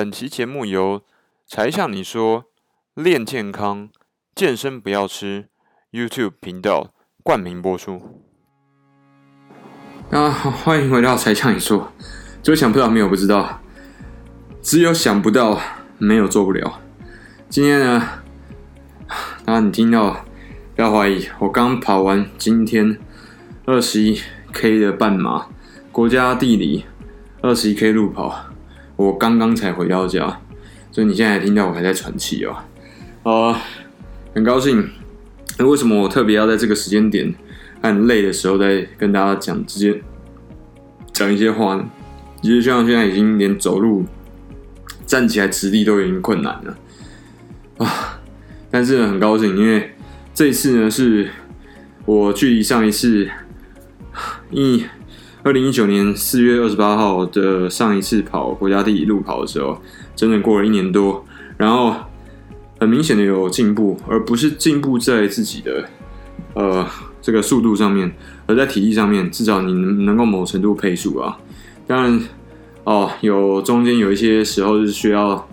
本期節目由“才向你說練健康健身不要吃 ”YouTube 頻道冠名播出。啊，歡迎回到“才向你說”，最想不到沒有不知道，只有想不到沒有做不了。今天呢，啊，你聽到不要懷疑，我剛跑完今天二十一 K 的半馬，國家地理二十一 K 路跑。我剛剛才回到家，所以你現在還聽到我還在喘氣哦。呃，很高興。那為什麼我特別要在這個時間點，很累的時候，再跟大家講這些，講一些話呢？其實像現在已經連走路、站起來、直立都已經困難了啊，呃，但是很高興，因為這一次呢，是我距離上一次，一二零一九年四月二十八號的上一次跑國家第一路跑的時候，整整過了一年多，然後很明顯的有進步，而不是進步在自己的呃這個速度上面，而在體力上面，至少你能能夠某程度配速啊。當然，哦，有中間有一些時候是需要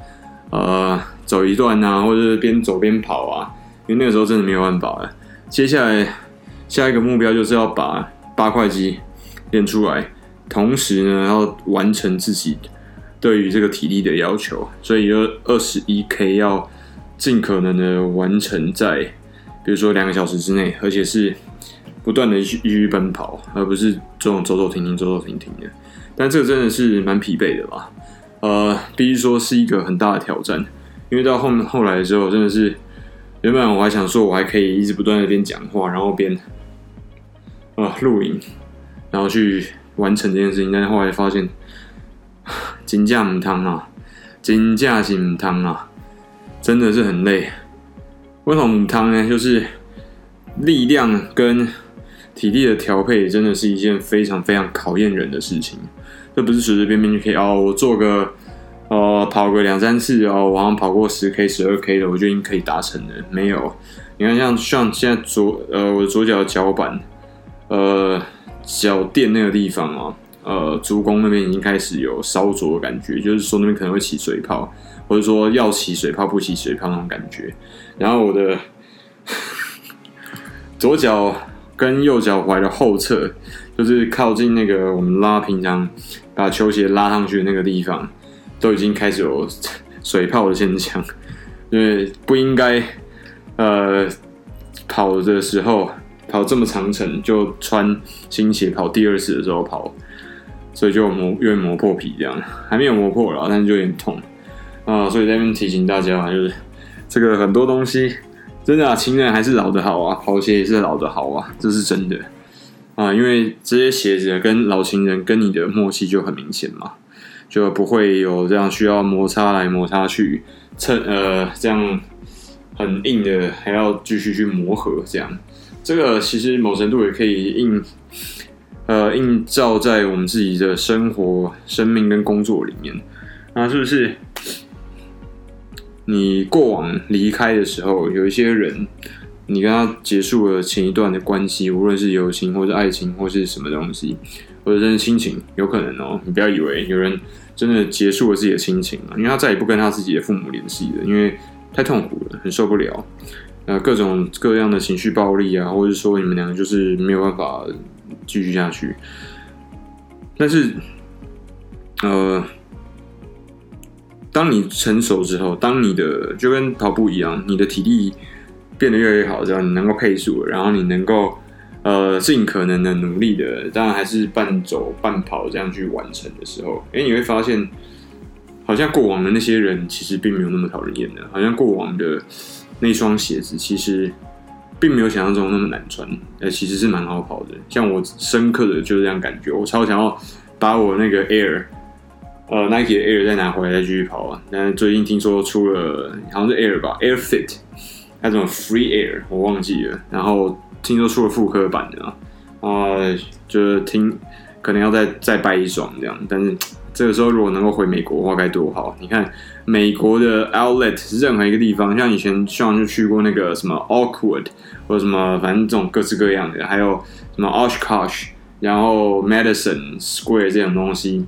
呃走一段吶、啊，或者是邊走邊跑啊，因為那個時候真的沒有辦法了。接下來，下一個目標就是要把八塊肌。練出來，同時呢，要完成自己對於這個體力的要求，所以二二十一 K 要盡可能的完成在，比如說兩個小時之內，而且是不斷的一去，一去奔跑，而不是這種走走停停，走走停停的。但這個真的是蠻疲憊的吧？呃，必須說是一個很大的挑戰，因為到後面後來的時候，真的是原本我還想說，我還可以一直不斷的邊講話，然後邊啊錄影。呃然後去完成這件事情，但是後來發現，金價母湯啊，金價是母湯啊，真的是很累。為什麼母湯呢？就是力量跟體力的調配，真的是一件非常非常考驗人的事情。這不是隨隨便便就可以哦。我做個哦、呃，跑個兩三次哦，我好像跑過十 K、十二 K 的，我就已經可以達成了。沒有，你看像像現在左呃，我左腳的腳板呃。腳墊那個地方啊，呃，足弓那邊已經開始有燒灼的感覺，就是說那邊可能會起水泡，或者說要起水泡不起水泡那種感覺。然後我的呵呵左腳跟右腳踝的後側，就是靠近那個我們拉平常把球鞋拉上去的那個地方，都已經開始有水泡的現象，因為不應該，呃，跑的時候。跑這麼長程就穿新鞋跑，第二次的時候跑，所以就磨，因為磨破皮這樣，還沒有磨破了，但是就有點痛啊、呃。所以在這邊提醒大家，就是這個很多東西真的，啊，情人還是老的好啊，跑鞋也是老的好啊，這是真的啊、呃。因為這些鞋子跟老情人跟你的默契就很明顯嘛，就不會有這樣需要摩擦來摩擦去蹭呃這樣很硬的，還要繼續去磨合這樣。這個其實某程度也可以映，呃映照在我們自己的生活、生命跟工作裡面。那是不是你過往離開的時候，有一些人，你跟他結束了前一段的關係，無論是友情或是愛情或是什麼東西，或者真的親情，有可能哦。你不要以為有人真的結束了自己的親情啊，因為他再也不跟他自己的父母聯繫了，因為太痛苦了，很受不了。呃，各種各樣的情緒暴力啊，或者說你們兩個就是沒有辦法繼續下去。但是，呃，當你成熟之後，當你的就跟跑步一樣，你的體力變得越來越好，這樣你能夠配速，然後你能夠呃盡可能的努力的，當然還是半走半跑這樣去完成的時候，因、欸、你會發現，好像過往的那些人其實並沒有那麼討人厭的，好像過往的。那雙鞋子其實並沒有想象中那麼難穿，呃、欸，其實是蠻好跑的。像我深刻的就是這樣感覺，我超想要把我那個 Air，呃，Nike 的 Air 再拿回來再繼續跑。但是最近聽說出了好像是 Air 吧，Air Fit，那、啊、種 Free Air 我忘記了。然後聽說出了復刻版的，啊、呃，就是聽可能要再再掰一雙這樣，但是。這個時候如果能夠回美國的話該多好！你看美國的 Outlet 是任何一個地方，像以前上就去過那個什麼 Awkward 或者什麼，反正這種各式各樣的，還有什麼 Oshkosh，然後 Madison Square 這種東西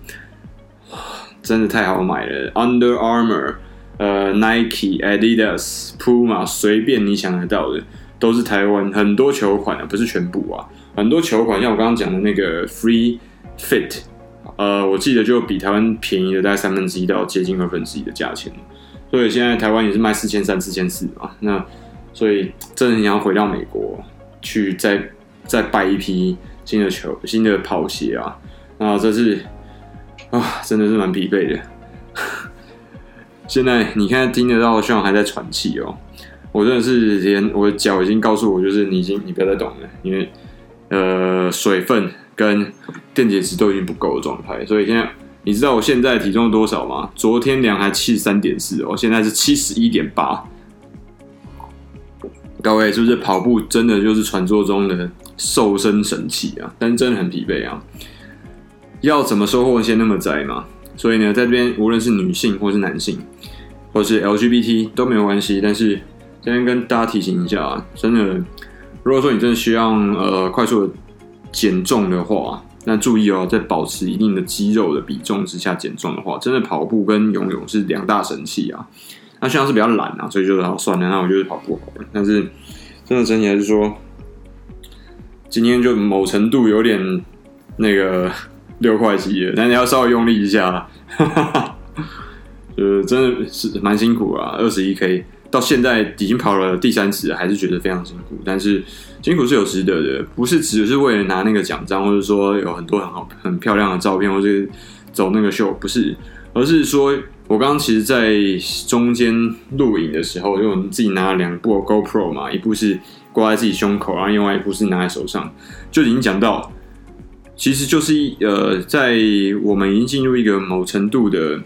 哇，真的太好買了。Under Armour 呃、呃 Nike、Adidas、Puma，隨便你想得到的都是台灣很多球款的、啊，不是全部啊，很多球款像我剛剛講的那個 Free Fit。呃，我記得就比台灣便宜了大概三分之一到接近二分之一的價錢，所以現在台灣也是賣四千三、四千四嘛。那所以，真的你要回到美國去再再買一批新的球、新的跑鞋啊。那這次啊、哦，真的是蠻疲憊的。 現在你看聽得到，好像還在喘氣哦。我真的是連我的腳已經告訴我，就是你已經你不要再動了，因為呃水分。跟電解質都已經不夠的狀態，所以現在你知道我現在體重多少嗎？昨天量還七十三點四哦，現在是七十一點八。各位，是不是跑步真的就是傳說中的瘦身神器啊？但真的很疲憊啊！要怎麼收穫先那麼栽嘛？所以呢，在這邊無論是女性或是男性或是 LGBT 都沒有關係，但是今天跟大家提醒一下啊，真的，如果說你真的需要呃快速的。減重的話，那注意哦，在保持一定的肌肉的比重之下減重的話，真的跑步跟游泳是兩大神器啊。那雖然是比較懶啊，所以就然算了，那我就是跑步好了。但是真的整體來說，今天就某程度有點那個六塊肌了，但你要稍微用力一下，哈哈哈，就是真的是蠻辛苦啊，二十一 K。到現在已經跑了第三次，還是覺得非常辛苦。但是辛苦是有值得的，不是只是為了拿那個獎章，或者說有很多很好、很漂亮的照片，或者是走那個秀，不是，而是說，我剛剛其實在中間錄影的時候，因為我們自己拿了兩部 GoPro 嘛，一部是掛在自己胸口，然後另外一部是拿在手上，就已經講到，其實就是一呃，在我們已經進入一個某程度的。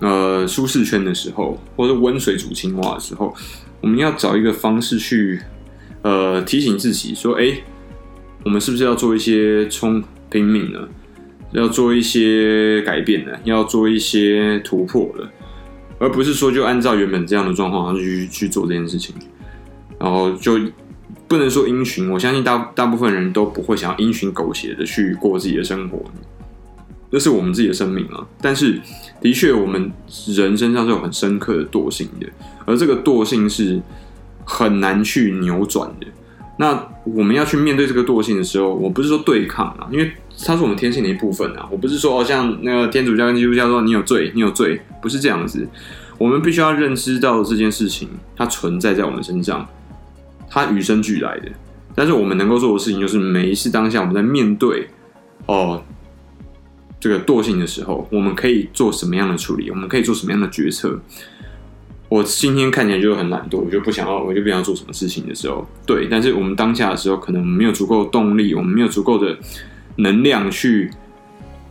呃，舒適圈的時候，或者溫水煮青蛙的時候，我們要找一個方式去，呃，提醒自己說，哎、欸，我們是不是要做一些衝拼命呢？要做一些改變呢？要做一些突破了？而不是說就按照原本這樣的狀況去去做這件事情，然後就不能說因循。我相信大大部分人都不會想要因循苟且的去過自己的生活。那是我們自己的生命啊！但是，的確，我們人身上是有很深刻的惰性的，而這個惰性是很難去扭轉的。那我們要去面對這個惰性的時候，我不是說對抗啊，因為它是我們天性的一部分啊。我不是說哦，像那個天主教跟基督教說你有罪，你有罪，不是這樣子。我們必須要認知到這件事情，它存在在我們身上，它與生俱來的。但是我們能夠做的事情，就是每一次當下我們在面對哦。呃這個惰性的時候，我們可以做什麼樣的處理？我們可以做什麼樣的決策？我今天看起來就很懶惰，我就不想要，我就不想要做什麼事情的時候，對。但是我們當下的時候，可能沒有足夠動力，我們沒有足夠的能量去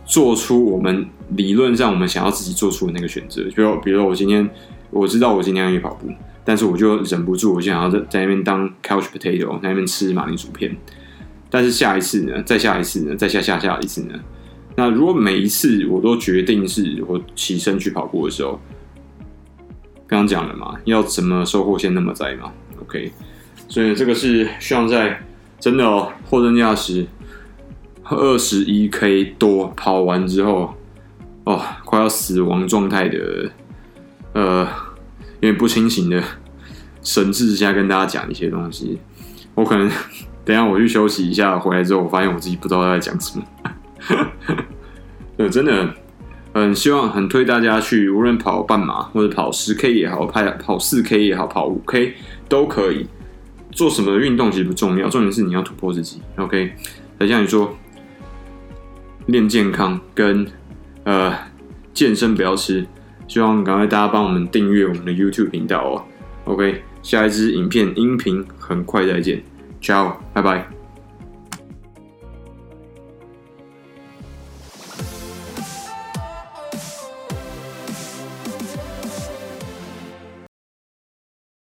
做出我們理論上我們想要自己做出的那個選擇。比如，比如說我今天我知道我今天要去跑步，但是我就忍不住，我就想要在在那邊當 couch potato，在那邊吃馬鈴薯片。但是下一次呢？再下一次呢？再下下下一次呢？那如果每一次我都決定是我起身去跑步的時候，剛剛講了嘛，要怎麼收穫，先那麼栽嘛？OK，所以這個是需要在真的哦，貨真價實二十一 K 多跑完之後，哦，快要死亡狀態的，呃，有點不清醒的神智之下跟大家講一些東西。我可能等一下我去休息一下，回來之後我發現我自己不知道在講什麼。呵呵，呃，真的，很、嗯、希望很推大家去，無論跑半馬或者跑十 K 也好，跑跑四 K 也好，跑五 K 都可以。做什麼運動其實不重要，重點是你要突破自己。OK，等一下你說練健康跟呃健身不要吃，希望趕快大家幫我們訂閱我們的 YouTube 頻道哦。OK，下一支影片音頻很快再見，Ciao，拜拜。